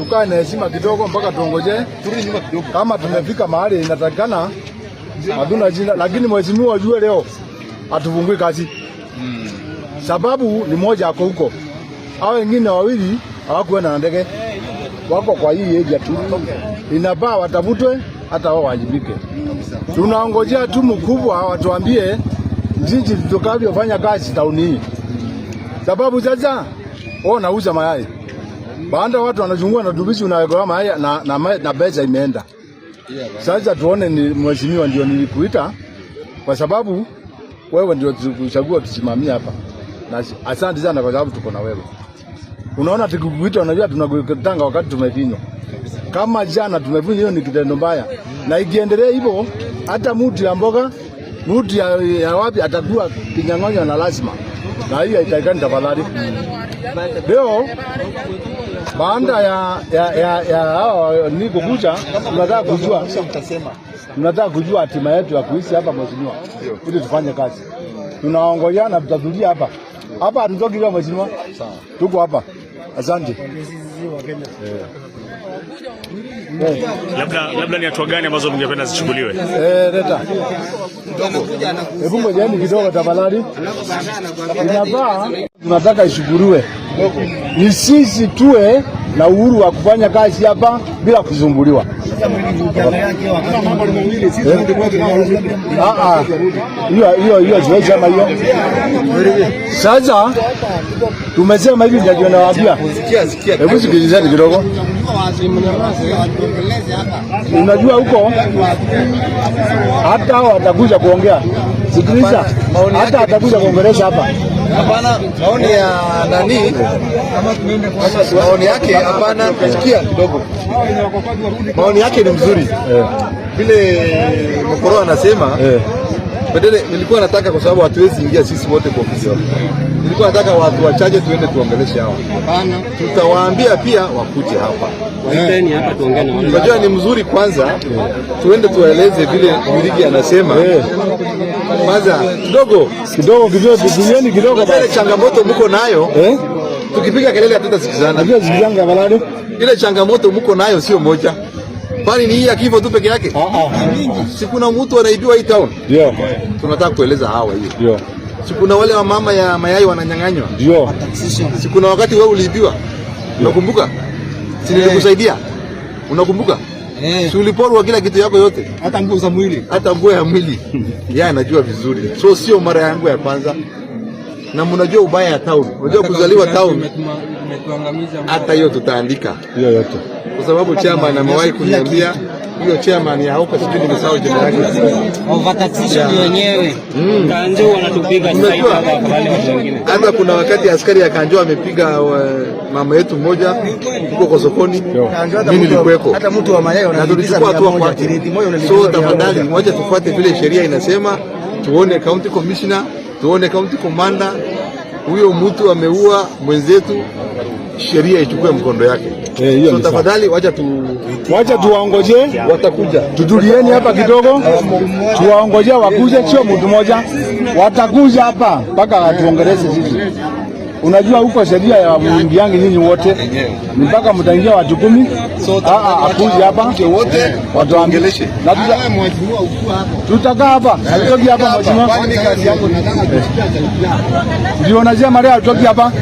tukae na heshima kidogo, mpaka tuongoje. Kama tumefika mahali inatakana hatuna jina, lakini mheshimiwa ajue leo atufungui kazi mm. Sababu ni moja, ako huko, hao wengine wawili hawakuenda na ndege, wako kwa hii eria tu, inabaa watafutwe hata wao wajibike. Tunaongojea tu mkubwa watuambie jinsi tutakavyofanya kazi tauni hii, hmm. sababu sasa wao nauza mayai baada watu wanachungua na dubisi unawegorama haya na, na, na, na beza imeenda. Sasa tuone ni mheshimiwa, ndio nilikuita kwa sababu wewe ndio tukuchagua tusimamie hapa, na asante sana kwa sababu tuko na wewe. Unaona, tukikuita unajua tunakutanga wakati tumevinywa kama jana tumevunja. Hiyo ni kitendo mbaya, na ikiendelea hivyo hata mtu ya mboga mtu ya, ya wapi atakuwa kinyang'onyo na lazima na hii haitakikani tafadhali. Leo baada ya ya ya ya hawa ni kukucha, tunataka kujua tunataka kujua hatima yetu ya kuishi hapa mheshimiwa, ili tufanye kazi. Tunaongojana, tutatulia hapa hapa, hatutoki leo mheshimiwa, tuko hapa. Asante. Labda labda ni hatua gani ambazo mngependa zichukuliwe? Eh, leta. Hebu mojani kidogo tafadhali. Inafaa tunataka ishukuliwe. Ni sisi tuwe na uhuru wa kufanya kazi hapa bila kusumbuliwa. Ah, ah. Hiyo hatuwezi ama hiyo. Sasa tumesema hivi, ndio nawaambia. Hebu sikilizeni kidogo. Unajua huko hata hao watakuja kuongea, sikiliza, hata watakuja kuongelesha hapa. Hapana, maoni ya nani? Maoni yake hapana, sikia kidogo. Maoni yake ni mzuri eh. vile Mkoro anasema eh. Badele, nilikuwa nataka kwa sababu hatuwezi ingia sisi wote kwa ofisi yako. Nilikuwa nataka watu wachache tuende tuongeleshe hawa. Hapana, tutawaambia pia wakuje hapa. Waiteni hapa tuongee na wao. Unajua ni mzuri kwanza tuende tuwaeleze vile Mirigi anasema. Eh. Kwanza kidogo kidogo kidogo kidogo kidogo basi. Ile changamoto mko nayo eh? Tukipiga kelele hatutasikizana. Unajua zikizanga balado. Ile changamoto mko nayo sio moja pani ni hii akivo tu peke yake? Ah, ah. Si kuna mtu anaibiwa hii town? Ndio. Tunataka kueleza hawa hiyo. Ndio. Si kuna wale wa mama ya mayai wananyang'anywa? Ndio. Si kuna wakati wewe uliibiwa? Unakumbuka? Si nilikusaidia? Unakumbuka? Eh. Si uliporwa kila kitu yako yote? Hata nguo za mwili. Hata nguo ya mwili. Yeye anajua vizuri. So sio mara yangu ya kwanza. Na mnajua ubaya ya town. Unajua kuzaliwa town hata hiyo tutaandika hiyo yote, kwa sababu chama namewahi kuniambia hiyo chama ni hauka, sijui nimesahau jina lake, wenyewe mm. Kanjo wanatupiga sasa hivi wale hata kuna wakati askari ya Kanjo amepiga uh, mama yetu mmoja huko kwa sokoni, mimi nilikuweko, hata mtu wa na tulichukua hatua kwake. So tafadhali, wacha tufuate vile sheria inasema, tuone county commissioner, tuone county commander, huyo mtu ameua mwenzetu sheria ichukue mkondo yake. Eh, hiyo ni tafadhali wacha tu wacha tuwaongoje, watakuja. Tutulieni hapa kidogo, tuwaongoje wakuja, sio mtu mmoja, watakuja hapa mpaka watuongeleze sisi. Unajua huko sheria ya waingiangi nyinyi wote ni mpaka mtaingia watu kumi. Ah, ah, Akuja hapa wote eh, watuongeleshe, na tutakaa hapa, hatutoki hapa mheshimiwa. Eh. Ndio nasema leo hatutoki hapa.